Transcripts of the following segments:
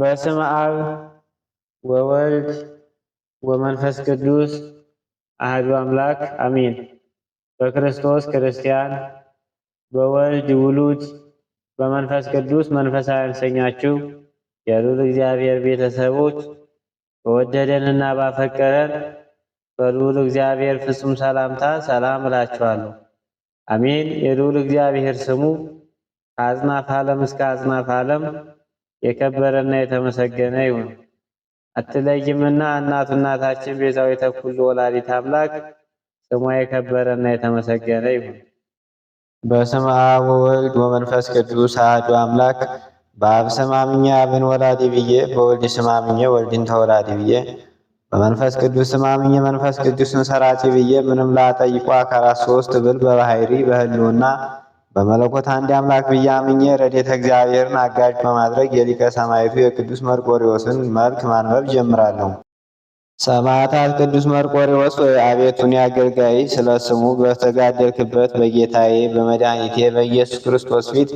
በስም አብ ወወልድ ወመንፈስ ቅዱስ አህዱ አምላክ አሜን። በክርስቶስ ክርስቲያን፣ በወልድ ውሉድ፣ በመንፈስ ቅዱስ መንፈሳዊ አንሰኛችሁ የሉል እግዚአብሔር ቤተሰቦች እና ባፈቀረን በልዑል እግዚአብሔር ፍጹም ሰላምታ ሰላም እላችኋለሁ። አሜን። የልዑል እግዚአብሔር ስሙ ከአጽናፍ ዓለም እስከ አጽናፍ ዓለም የከበረና የተመሰገነ ይሁን። አትለይምና እናቱ እናታችን ቤዛዊተ ኩሉ ወላዲተ አምላክ ስሟ የከበረና የተመሰገነ ይሁን። በስም አብ ወልድ ወመንፈስ ቅዱስ አህዱ አምላክ በአብ ስም አምኜ አብን ወላዲ ብዬ በወልድ ስም አምኜ ወልድን ተወላዲ ብዬ በመንፈስ ቅዱስ ስም አምኜ መንፈስ ቅዱስን ሰራጭ ብዬ ምንም ላጠይቁ አካላት ሶስት ብል በባህሪ በህልውና በመለኮት አንድ አምላክ ብያምኜ አምኜ ረድኤተ እግዚአብሔርን አጋዥ በማድረግ የሊቀ ሰማዕቱ የቅዱስ መርቆሪዎስን መልክ ማንበብ ጀምራለሁ። ሰማዕታት ቅዱስ መርቆሪዎስ ወይ አቤቱን አገልጋይ ስለ ስሙ በተጋደልክበት በጌታዬ በመድኃኒቴ በኢየሱስ ክርስቶስ ፊት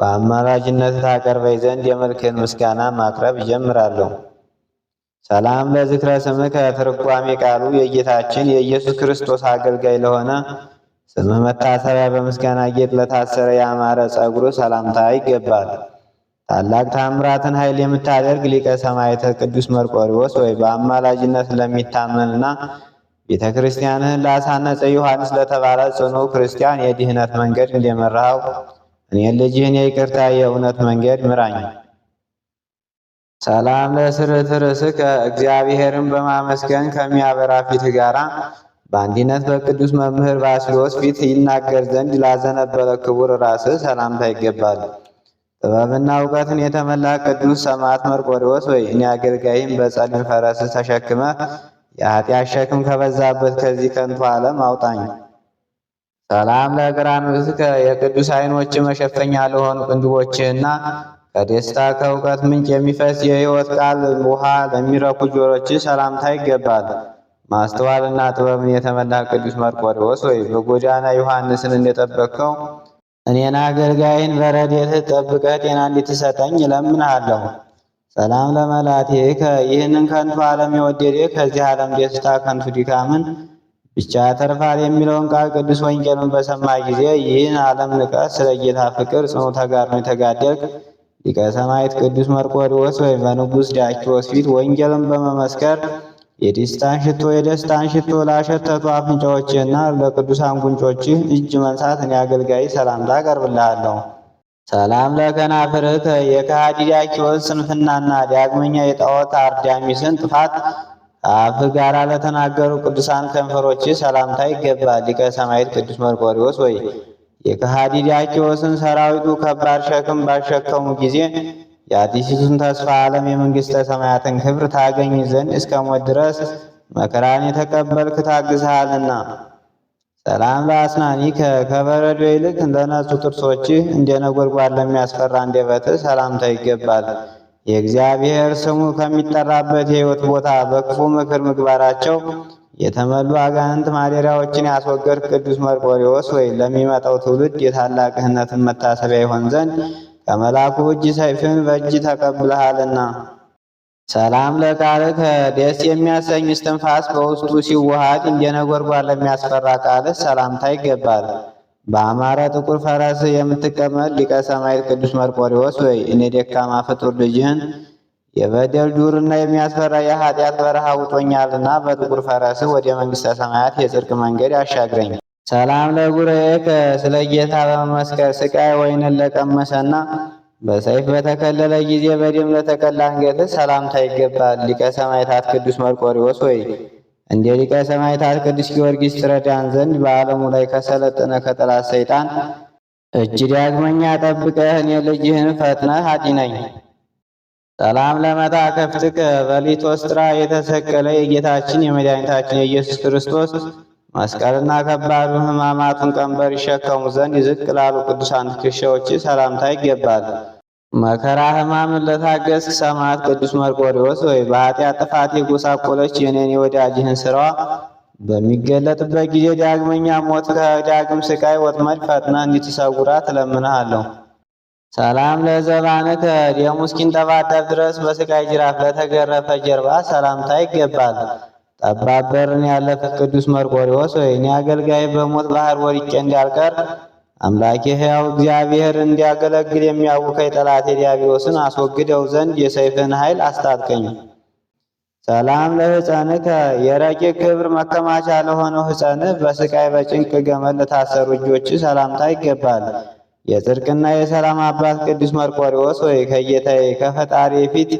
በአማላጅነት ታቀርበኝ ዘንድ የመልክን ምስጋና ማቅረብ ጀምራለሁ። ሰላም ለዝክረ ስምከ ትርጓሜ ቃሉ የጌታችን የኢየሱስ ክርስቶስ አገልጋይ ለሆነ ስም መታሰቢያ በምስጋና ጌጥ ለታሰረ ያማረ ጸጉሩ ሰላምታ ይገባል። ታላቅ ታምራትን ኃይል የምታደርግ ሊቀ ሰማዕተ ቅዱስ መርቆሪዎስ ወይ በአማላጅነት ለሚታመንና ቤተ ክርስቲያንህን ላሳነጸ ዮሐንስ ለተባለ ጽኑ ክርስቲያን የድህነት መንገድ እንደመራኸው እኔ ልጅህን የይቅርታ የእውነት መንገድ ምራኝ። ሰላም ለስርትርስከ እግዚአብሔርን በማመስገን ከሚያበራ ፊት ጋራ በአንድነት በቅዱስ መምህር ባስልዮስ ፊት ይናገር ዘንድ ላዘነበለ ክቡር ራስህ ሰላምታ ይገባል። ጥበብና እውቀትን የተመላ ቅዱስ ሰማዕት መርቆሪዎስ ወይ እኔ አገልጋይም በጸሊም ፈረስ ተሸክመ የኃጢአት ሸክም ከበዛበት ከዚህ ከንቱ ዓለም አውጣኝ። ሰላም ለግራንብስከ የቅዱስ ዓይኖች መሸፈኛ ለሆኑ ቅንድቦችህና ከደስታ ከእውቀት ምንጭ የሚፈስ የሕይወት ቃል ውሃ ለሚረኩ ጆሮችህ ሰላምታ ይገባል። ማስተዋልና ጥበብን የተመላ ቅዱስ መርቆሬዎስ ወይ በጎዳና ዮሐንስን እንደጠበቅከው እኔን አገልጋይን በረድኤትህ ጠብቀህ ጤና እንድትሰጠኝ እለምንሃለሁ። ሰላም ለመላቴ ይህንን ከንቱ ዓለም የወደደ ከዚህ ዓለም ደስታ ከንቱ ድካምን ብቻ ተርፋል የሚለውን ቃል ቅዱስ ወንጌልን በሰማ ጊዜ ይህን ዓለም ንቀት ስለ ጌታ ፍቅር ጽኑ ተጋድሎ የተጋደልክ ሊቀ ሰማዕት ቅዱስ መርቆሬዎስ ወይም በንጉሥ ዳኪዎስ ፊት ወንጌልን በመመስከር የደስታን ሽቶ የደስታን ሽቶ ላሸተቱ አፍንጫዎችህና ለቅዱሳን ጉንጮች እጅ መንሳት እኔ አገልጋይ ሰላምታ አቀርብልሃለሁ። ሰላም ለከናፍርህ የከሃዲ ዳኪዎስ ስንፍናና ዳግመኛ የጣዖት አርዳሚስን ጥፋት ከአፍ ጋር ለተናገሩ ቅዱሳን ከንፈሮች ሰላምታ ይገባል። ሊቀ ሰማዕት ቅዱስ መርቆሪዎስ ወይ የከሃዲ ዳኪዎስን ሰራዊቱ ከባድ ሸክም ባሸከሙ ጊዜ የአዲሲቱን ተስፋ ዓለም የመንግሥተ ሰማያትን ክብር ታገኝ ዘንድ እስከ ሞት ድረስ መከራን የተቀበልክ ታግዝሃልና። ሰላም ለአስናኒከ ከበረዶ ይልቅ እንደ ነጹ ጥርሶችህ እንደ ነጎድጓድ ለሚያስፈራ እንደበት ሰላምታ ይገባል። የእግዚአብሔር ስሙ ከሚጠራበት የሕይወት ቦታ በክፉ ምክር ምግባራቸው የተመሉ አጋንንት ማደሪያዎችን ያስወገድ ቅዱስ መርቆሪዎስ ወይ ለሚመጣው ትውልድ የታላቅህነትን መታሰቢያ ይሆን ዘንድ ከመላኩ እጅ ሰይፍን በእጅ ተቀብለሃልና። ሰላም ለቃልህ ደስ የሚያሰኝ እስትንፋስ በውስጡ ሲዋሃድ እንደ ለሚያስፈራ ቃልህ ሰላምታ ይገባል። በአማረ ጥቁር ፈረስ የምትቀመጥ ሊቀ ሰማዕት ቅዱስ መርቆሪዎስ ወይ እኔ ደካማ ፍጡር ልጅህን የበደል ዱርና የሚያስፈራ የኃጢአት በረሃ ውጦኛልና በጥቁር ፈረስ ወደ መንግሥተ ሰማያት የጽድቅ መንገድ አሻግረኝ። ሰላም ለጉሬከ ስለ ጌታ በመመስከር ስቃይ ወይንን ለቀመሰና በሰይፍ በተከለለ ጊዜ በደም ለተቀላ አንገት ሰላምታ ይገባል። ሊቀ ሰማዕታት ቅዱስ መርቆሪዎስ ወይ እንደ ሊቀ ሰማዕታት ቅዱስ ጊዮርጊስ ትረዳን ዘንድ በዓለሙ ላይ ከሰለጠነ ከጠላት ሰይጣን እጅ ዳግመኛ ጠብቀህን የልጅህን ፈጥነህ አድነኝ። ሰላም ለመጣ ከፍትከ በሊቶስጥራ የተሰቀለ የጌታችን የመድኃኒታችን የኢየሱስ ክርስቶስ መስቀልና ከባዱ ሕማማቱን ቀንበር ይሸከሙ ዘንድ ዝቅ ላሉ ቅዱሳን ትከሻዎች ሰላምታ ይገባል። መከራ ሕማምን ለታገስ ሰማዕት ቅዱስ መርቆሪዎስ ወይ በኃጢአት ጥፋት የጎሳቆለች የኔን የወዳጅህን ስራዋ በሚገለጥበት ጊዜ ዳግመኛ ሞት ከዳግም ስቃይ ወጥመድ ፈጥና እንዲትሰውራ ትለምንሃለሁ። ሰላም ለዘባንከ ደሙ እስኪንጠባጠብ ድረስ በስቃይ ጅራፍ ለተገረፈ ጀርባ ሰላምታ ይገባል። ጠባብ በርን ያለፈ ቅዱስ መርቆሪዎስ ወይ እኔ አገልጋይ በሞት ባህር ወድቄ እንዳልቀር አምላኬ ሕያው እግዚአብሔር እንዲያገለግል የሚያውከኝ ጠላቴ ዲያብሎስን አስወግደው ዘንድ የሰይፍን ኃይል አስታጥቀኝ። ሰላም ለሕፀንከ የረቂቅ ክብር መከማቻ ለሆነው ሕፀንህ በስቃይ በጭንቅ ገመድ ለታሰሩ እጆች ሰላምታ ይገባል። የጽድቅና የሰላም አባት ቅዱስ መርቆሪዎስ ወይ ከጌታዬ ከፈጣሪ ፊት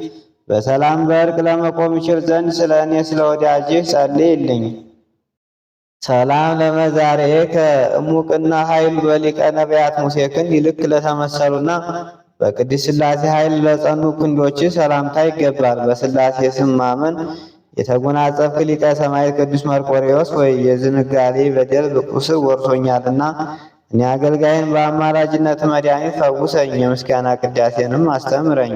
በሰላም በእርቅ ለመቆም ይችል ዘንድ ስለ እኔ ስለ ወዳጅህ ጸልይልኝ። ሰላም ለመዛሬ ከእሙቅና ኃይል በሊቀ ነቢያት ሙሴ ክንድ ይልክ ለተመሰሉና በቅድስት ሥላሴ ኃይል ለጸኑ ክንዶች ሰላምታ ይገባል። በሥላሴ ስም ማመን የተጎናጸፍክ ሊቀ ሰማዕት ቅዱስ መርቆሬዎስ ወይ የዝንጋሌ በደል ቁስል ወርሶኛልና እኔ አገልጋይን በአማራጅነት መድኃኒት ፈውሰኝ፣ የምስጋና ቅዳሴንም አስተምረኝ።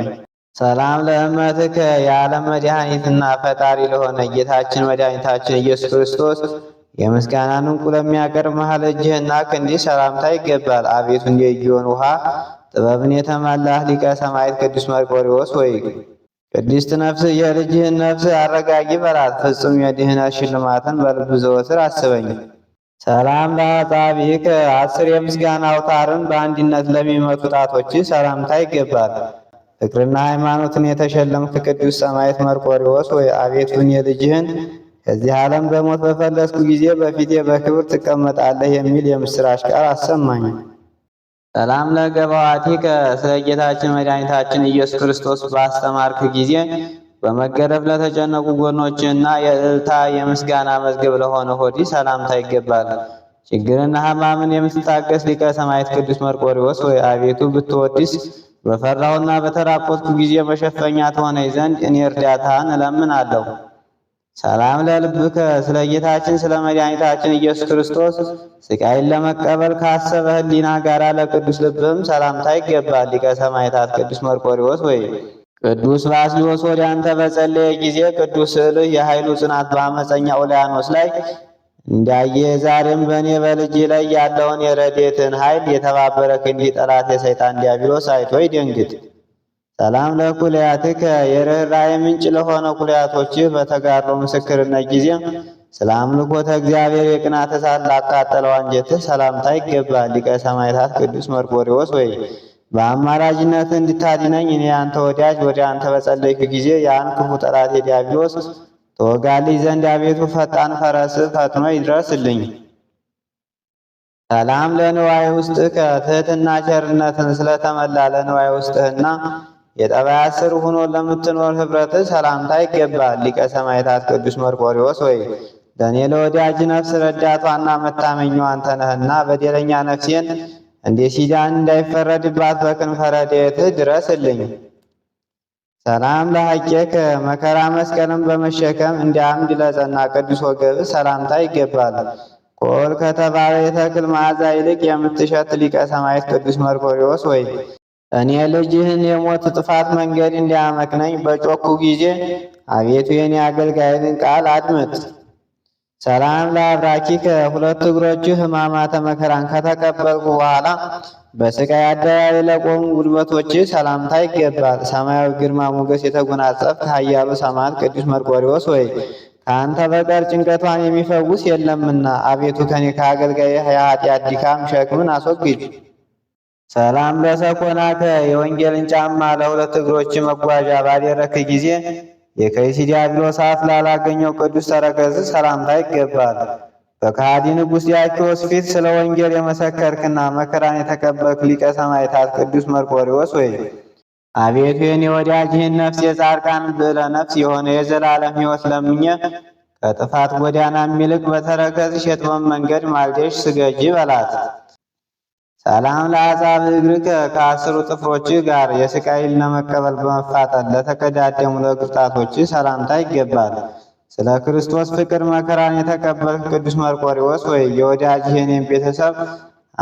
ሰላም ለእመትከ የዓለም መድኃኒትና ፈጣሪ ለሆነ ጌታችን መድኃኒታችን ኢየሱስ ክርስቶስ የምስጋናን እንቁ ለሚያቀርብ መሃል እጅህና ክንዲህ ሰላምታ ይገባል። አቤቱ እንደ እጅዮን ውሃ ጥበብን የተመላህ ሊቀ ሰማዕት ቅዱስ መርቆሬዎስ ወይ ቅድስት ነፍስ የልጅህን ነፍስ አረጋጊ በላት። ፍጹም የድህነት ሽልማትን በልብ ዘወትር አስበኝ። ሰላም ለአጻብዕከ አስር የምስጋና አውታርን በአንድነት ለሚመቱ ጣቶች ሰላምታ ይገባል። ፍቅርና ሃይማኖትን የተሸለምክ ቅዱስ ሰማዕት መርቆሪዎስ ወይ አቤቱን የልጅህን ከዚህ ዓለም በሞት በፈለስኩ ጊዜ በፊቴ በክብር ትቀመጣለህ የሚል የምስራች ቃል አሰማኝ። ሰላም ለገባዋቲከ ስለ ጌታችን መድኃኒታችን ኢየሱስ ክርስቶስ ባስተማርክ ጊዜ በመገረፍ ለተጨነቁ ጎኖችና የእልታ የምስጋና መዝገብ ለሆነ ሆዲ ሰላምታ ይገባል። ችግርና ሕማምን የምትታገስ ሊቀ ሰማዕት ቅዱስ መርቆሪዎስ ወይ አቤቱ ብትወድስ በፈራሁና በተራቆትኩ ጊዜ መሸፈኛ ትሆነኝ ዘንድ እኔ እርዳታን እለምናለሁ። ሰላም ለልብከ ስለ ጌታችን ስለ መድኃኒታችን ኢየሱስ ክርስቶስ ስቃይን ለመቀበል ካሰበ ሕሊና ጋራ ለቅዱስ ልብም ሰላምታ ይገባል። ሊቀ ሰማዕታት ቅዱስ መርቆሪዎስ ወይ ቅዱስ ባስልዮስ ወደ በጸለየ ጊዜ ቅዱስ ስዕልህ የኃይሉ ጽናት በአመፀኛ ኡልያኖስ ላይ እንዳየ ዛሬም በእኔ በልጅ ላይ ያለውን የረዴትን ኃይል የተባበረ ክንዲ ጠላት የሰይጣን ዲያብሎስ አይቶ ይደንግጥ። ሰላም ለኩልያትከ የርኅራኄ ምንጭ ለሆነ ኩልያቶች በተጋሮ ምስክርነት ጊዜም ስለ አምልኮተ እግዚአብሔር የቅናት እሳት ላቃጠለው አንጀትህ ሰላምታ ይገባል። ሊቀ ሰማዕታት ቅዱስ መርቆሬዎስ ወይ በአማራጅነት እንድታድነኝ እኔ አንተ ወዳጅ ወደ አንተ በጸለይኩ ጊዜ ያን ክፉ ጠላት የዲያብሎስ ተወጋልኝ ዘንድ አቤቱ ፈጣን ፈረስ ፈጥኖ ይድረስልኝ። ሰላም ለንዋይ ውስጥከ ትሕትና ቸርነትን ስለተመላ ለንዋይ ውስጥህና የጠባያ ስር ሆኖ ለምትኖር ህብረት ሰላምታ ይገባል። ሊቀ ሰማዕታት ቅዱስ መርቆሪዎስ ወይ ለእኔ ለወዳጅ ነፍስ ረዳቷና መታመኛዋ አንተ ነህና በደለኛ ነፍሴን እንደ ሲዳን እንዳይፈረድባት በክንፈ ረድኤትህ ድረስልኝ። ሰላም ለሐቄከ መከራ መስቀልን በመሸከም እንደ አምድ ለጸና ቅዱስ ወገብ ሰላምታ ይገባል። ኮል ከተባለ የተክል መዓዛ ይልቅ የምትሸት ሊቀ ሰማዕት ቅዱስ መርቆሪዎስ ወይ እኔ ልጅህን የሞት ጥፋት መንገድ እንዲያመክነኝ በጮኩ ጊዜ አቤቱ የኔ አገልጋይን ቃል አድምጥ። ሰላም ለአብራኪከ ሁለት እግሮችህ ሕማማተ መከራን ከተቀበልኩ በኋላ በስቃይ አደባባይ ለቆሙ ውድመቶች ሰላምታ ይገባል። ሰማያዊ ግርማ ሞገስ የተጎናጸፍ ኃያሉ ሰማዕት ቅዱስ መርቆሪዎስ ወይ ከአንተ በቀር ጭንቀቷን የሚፈውስ የለምና አቤቱ ከኔ ከአገልጋይ የኃጢአት ድካም ሸክምን አስወግድ። ሰላም ለሰኮናከ የወንጌልን ጫማ ለሁለት እግሮች መጓዣ ባደረክ ጊዜ የከይሲዲያ ቢሎሳፍ ላላገኘው ቅዱስ ተረከዝ ሰላምታ ይገባል። በከሃዲ ንጉሥ ያኪዎስ ፊት ስለ ወንጌል የመሰከርክና መከራን የተቀበልክ ሊቀ ሰማዕታት ቅዱስ መርቆሪዎስ ወይ አቤቱ የኔ ወዳጅ ይህን ነፍስ የጻድቃን ብዕለ ነፍስ የሆነ የዘላለም ሕይወት ለምኘ ከጥፋት ጎዳና የሚልቅ በተረከዝሽ የጥበብ መንገድ ማልደሽ ስገጂ በላት። ሰላም ለአጻብ እግርከ ከአስሩ ጥፍሮች ጋር የስቃይን ለመቀበል በመፋጠን ለተቀዳደሙ ለእግር ጣቶች ሰላምታ ይገባል። ስለ ክርስቶስ ፍቅር መከራን የተቀበልክ ቅዱስ መርቆሪዎስ ወይ የወዳጅ የኔም ቤተሰብ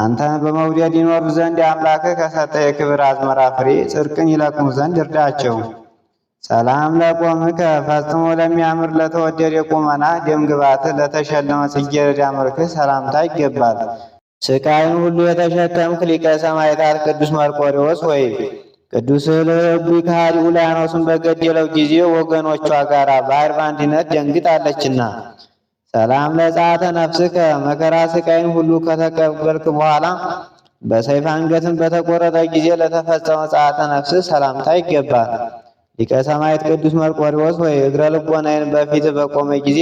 አንተን በመውደድ ይኖሩ ዘንድ አምላክህ ከሰጠ የክብር አዝመራ ፍሬ ጽድቅን ይለቁም ዘንድ እርዳቸው። ሰላም ለቆምከ ፈጽሞ ለሚያምር ለተወደደ ቁመና ደምግባት ለተሸለመ ጽጌረዳ መልክህ ሰላምታ ይገባል። ስቃይን ሁሉ የተሸከምክ ሊቀ ሰማዕታት ቅዱስ መርቆሪዎስ ወይ ቅዱስ ለሕጉ ከሃዲ ኡልያኖስን በገደለው ጊዜ ወገኖቿ ጋር ባሕር በአንድነት ደንግጣለችና፣ ሰላም ለጻተ ነፍስከ መከራ ስቃይን ሁሉ ከተቀበልክ በኋላ በሰይፍ አንገትን በተቆረጠ ጊዜ ለተፈጸመ ጻተ ነፍስ ሰላምታ ይገባል። ሊቀ ሰማዕት ቅዱስ መርቆሪዎስ ወይ እግረ ልቦናዬን በፊት በቆመ ጊዜ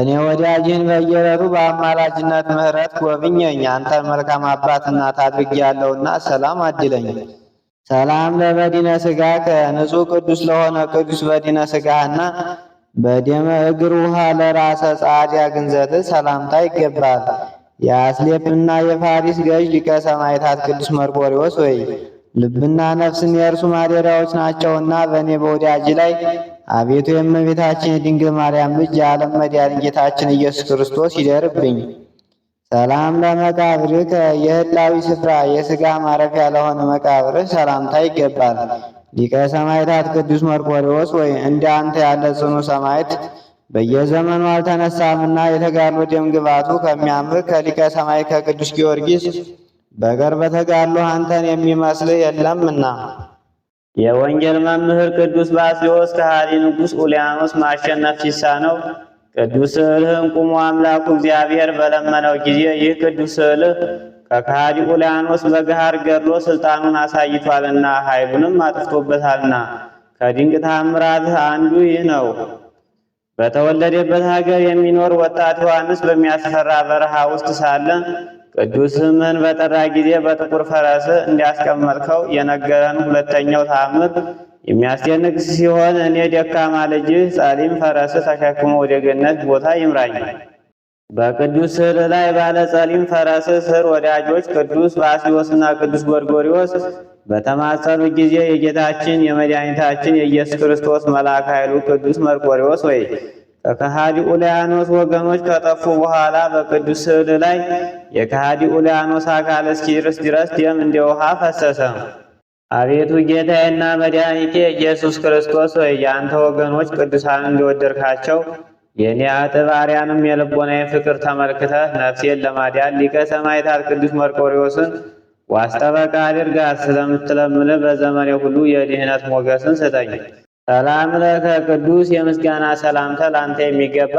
እኔ ወዳጅህን በየረሩ በአማላጅነት ምሕረት ጎብኘኝ፣ አንተን መልካም አባትና ታድርግ ያለውና ሰላም አድለኝ ሰላም ለበዲነ ስጋከ ንጹሕ ቅዱስ ለሆነ ቅዱስ በዲነ ስጋህና በደመ እግር ውሃ ለራሰ ጻድያ ግንዘት ሰላምታ ይገባል። የአስሌፕና የፋሪስ ገዥ ሊቀ ሰማዕታት ቅዱስ መርቆሪዎስ ወይ ልብና ነፍስን የእርሱ ማደሪያዎች ናቸውና በእኔ በወዳጅ ላይ አቤቱ የእመቤታችን የድንግል ማርያም ልጅ የዓለም መድኃኒት ጌታችን ኢየሱስ ክርስቶስ ይደርብኝ። ሰላም ለመቃብር የህላዊ ስፍራ የስጋ ማረፊያ ለሆነ መቃብር ሰላምታ ይገባል። ሊቀ ሰማዕታት ቅዱስ መርቆሬዎስ ወይ እንደ አንተ ያለ ጽኑ ሰማዕት በየዘመኑ አልተነሳምና የተጋድሎ ደም ግባቱ ከሚያምር ከሊቀ ሰማዕት ከቅዱስ ጊዮርጊስ በቀር በተጋድሎ አንተን የሚመስልህ የለምና። የወንጌል መምህር ቅዱስ ባስልዮስ ከሃዲ ንጉሥ ኡልያኖስ ማሸነፍ ሲሳ ነው። ቅዱስ ስዕልህን ቁሞ አምላኩ እግዚአብሔር በለመነው ጊዜ ይህ ቅዱስ ስዕልህ ከካሃዲ ኡልያኖስ በግሃር ገድሎ ስልጣኑን አሳይቷልና ኃይሉንም አጥፍቶበታልና ከድንቅ ታምራትህ አንዱ ይህ ነው። በተወለደበት ሀገር የሚኖር ወጣት ዮሐንስ በሚያስፈራ በረሃ ውስጥ ሳለ ቅዱስ ስምህን በጠራ ጊዜ በጥቁር ፈረስ እንዲያስቀመጥከው የነገረን ሁለተኛው ታምር የሚያስደንቅ ሲሆን እኔ ደካማ ልጅ ጻሊም ፈረስ ተሸክሞ ወደ ገነት ቦታ ይምራኝ። በቅዱስ ስዕል ላይ ባለ ጸሊም ፈረስ ስር ወዳጆች ቅዱስ ባስልዮስና ቅዱስ ጎርጎሪዎስ በተማጸኑ ጊዜ የጌታችን የመድኃኒታችን የኢየሱስ ክርስቶስ መልአክ ኃይሉ ቅዱስ መርቆሪዎስ ወይ ከከሃዲ ኡልያኖስ ወገኖች ከጠፉ በኋላ በቅዱስ ስዕል ላይ የከሃዲ ኡልያኖስ አካል እስኪርስ ድረስ ደም እንደ ውሃ ፈሰሰ። አቤቱ ጌታዬና መድኃኒቴ ኢየሱስ ክርስቶስ ሆይ የአንተ ወገኖች ቅዱሳን እንዲወደድካቸው የእኔ አጥብ አርያንም የልቦናዬን ፍቅር ተመልክተህ ነፍሴን ለማዳን ሊቀ ሰማዕታት ቅዱስ መርቆሪዎስን ዋስ አድርጋት ስለምትለምን በዘመኔ ሁሉ የድህነት ሞገስን ስጠኝ። ሰላም ለከ ቅዱስ የምስጋና ሰላምተ ላንተ የሚገባ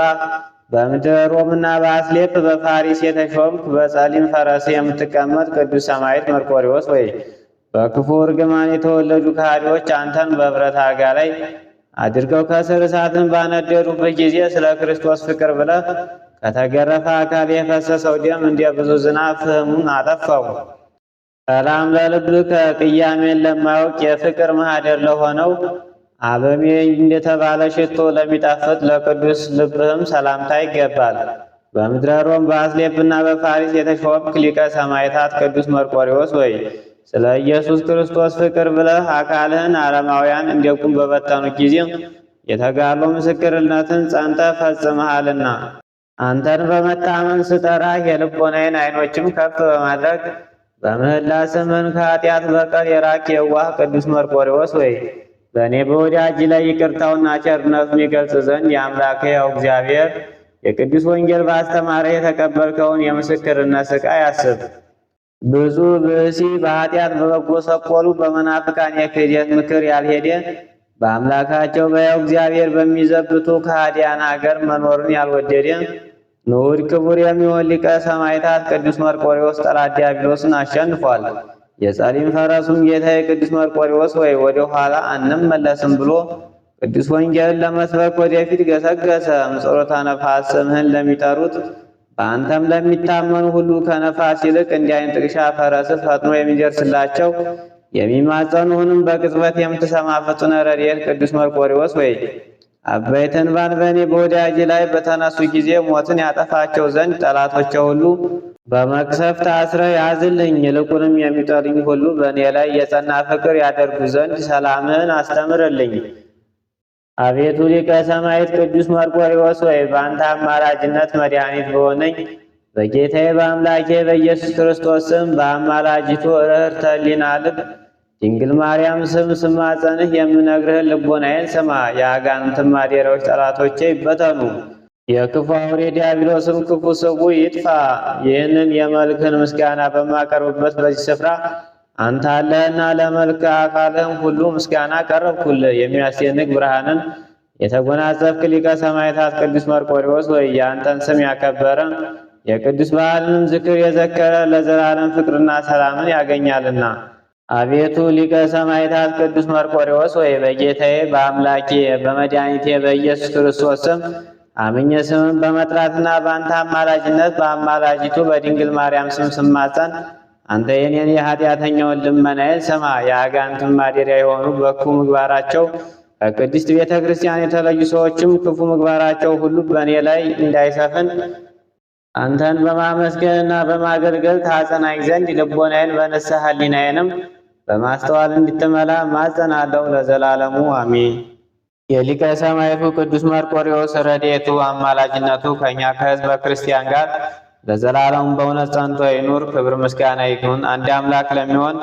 በምድረ ሮምና በአስሌፕ በፋሪስ የተሾምክ በጸሊም ፈረስ የምትቀመጥ ቅዱስ ሰማዕት መርቆሪዎስ ወይ በክፉ እርግማን የተወለዱ ከሃዲዎች አንተን በብረት አልጋ ላይ አድርገው ከስር እሳትን ባነደዱበት ጊዜ ስለ ክርስቶስ ፍቅር ብለህ ከተገረፈ አካል የፈሰሰው ደም እንደ ብዙ ዝናብ ፍህሙን አጠፋው። ሰላም ለልብ ከቅያሜን ለማያውቅ የፍቅር ማህደር ለሆነው አበሜ እንደተባለ ሽቶ ለሚጣፍጥ ለቅዱስ ልብህም ሰላምታ ይገባል። በምድረ ሮም በአስሌፕና በፋሪስ የተሾምክ ሊቀ ሰማዕታት ቅዱስ መርቆሪዎስ ወይ ስለ ኢየሱስ ክርስቶስ ፍቅር ብለህ አካልህን አረማውያን እንዲያውቁም በበተኑ ጊዜ የተጋሉ ምስክርነትን ጸንተ ፈጽመሃልና አንተን በመታመን ስጠራህ የልቦናዬን አይኖችም ከፍ በማድረግ በምህላ ስምን ከኃጢአት በቀር የራቅ የዋህ ቅዱስ መርቆሬዎስ ወይ በእኔ በወዳጅ ላይ ይቅርታውና ቸርነቱን ይገልጽ ዘንድ የአምላክ ያው እግዚአብሔር የቅዱስ ወንጌል ባስተማረ የተቀበልከውን የምስክርነት ሥቃይ አስብ። ብዙ ብእሲ በኃጢአት በበጎ ሰቆሉ በመናፍቃን የክህደት ምክር ያልሄደ በአምላካቸው በያው እግዚአብሔር በሚዘብቱ ከሃዲያን አገር መኖርን ያልወደደ ንዑድ ክቡር የሚሆን ሊቀ ሰማዕታት ቅዱስ መርቆሪዎስ ጠላት ዲያብሎስን አሸንፏል። የጸሊም ፈረሱም ጌታ የቅዱስ መርቆሪዎስ ወይ ወደ ኋላ አንመለስም ብሎ ቅዱስ ወንጌልን ለመስበክ ወደፊት ገሰገሰ። ምጽሮተ ነፋስ ስምህን ለሚጠሩት በአንተም ለሚታመኑ ሁሉ ከነፋስ ይልቅ እንዲህ አይነት ጥቅሻ ፈረስ ፈጥኖ የሚደርስላቸው የሚማጸኑህንም በቅጽበት የምትሰማ ፈጽነ ረድኤት ቅዱስ መርቆሪዎስ ወይ አበይትን ባን በእኔ በወዳጅ ላይ በተነሱ ጊዜ ሞትን ያጠፋቸው ዘንድ ጠላቶቸው ሁሉ በመቅሰፍት ታስረ ያዝልኝ። ይልቁንም የሚጠሉኝ ሁሉ በእኔ ላይ የጸና ፍቅር ያደርጉ ዘንድ ሰላምህን አስተምርልኝ። አቤቱ ሊቀ ሰማዕት ቅዱስ መርቆሬዎስ ወይ በአንተ አማላጅነት መድኃኒት በሆነኝ በጌታዬ በአምላኬ በኢየሱስ ክርስቶስ ስም በአማላጅቱ ርኅርተ ሕሊና ልብ ድንግል ማርያም ስም ስማጸንህ የምነግርህን ልቦናዬን ስማ። የአጋንንት ማደሪያዎች ጠላቶቼ ይበተኑ፣ የክፉ አውሬ ዲያብሎስም ክፉ ስቡ ይጥፋ። ይህንን የመልክህን ምስጋና በማቀርብበት በዚህ ስፍራ አንተ አለህና ለመልክ አካልህም ሁሉ ምስጋና ቀረብኩልህ። የሚያስደንቅ ብርሃንን የተጎናጸፍክ ሊቀ ሰማዕታት ቅዱስ መርቆሬዎስ ወይ የአንተን ስም ያከበረ የቅዱስ በዓልንም ዝክር የዘከረ ለዘላለም ፍቅርና ሰላምን ያገኛልና። አቤቱ ሊቀ ሰማዕታት ቅዱስ መርቆሬዎስ ወይ በጌታዬ በአምላኬ በመድኃኒቴ በኢየሱስ ክርስቶስ ስም አምኜ ስምን በመጥራትና በአንተ አማላጅነት በአማላጅቱ በድንግል ማርያም ስም ስማጸን አንተ የኔን የኃጢአተኛውን ልመናዬን ስማ። የአጋንትን ማደሪያ የሆኑ በክፉ ምግባራቸው ከቅድስት ቤተ ክርስቲያን የተለዩ ሰዎችም ክፉ ምግባራቸው ሁሉ በእኔ ላይ እንዳይሰፍን አንተን በማመስገንና በማገልገል ታጸናኝ ዘንድ ልቦናዬን በንስሐ ሕሊናዬንም በማስተዋል እንድትመላ ማጸናለው ለዘላለሙ አሜን። የሊቀ ሰማዕቱ ቅዱስ መርቆሬዎስ ረድኤቱ አማላጅነቱ ከእኛ ከሕዝበ ክርስቲያን ጋር ለዘላለም በእውነት ጸንቶ ይኑር። ክብር ምስጋና ይሁን አንድ አምላክ ለሚሆን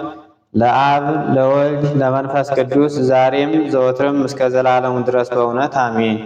ለአብ ለወልድ ለመንፈስ ቅዱስ ዛሬም ዘወትርም እስከ ዘላለሙ ድረስ በእውነት አሜን።